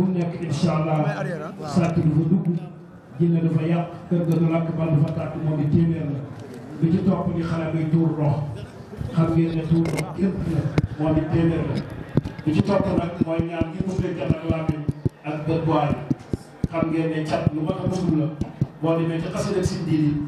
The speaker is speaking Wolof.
bu nekk incha allah sàcc du fa dugg jinne dafa yàq kër ga du lakk bal dafa tàkk moom i téeméer la ci topp di xale bi tuur xam ngeen ne tuur ndox moom i téeméer la lu ci topp nag mooy ñaan gi mu déggal ak làmmiñ ak bët bu xam ngeen ne cat lu ma a bëgg la boo demee ci xasida si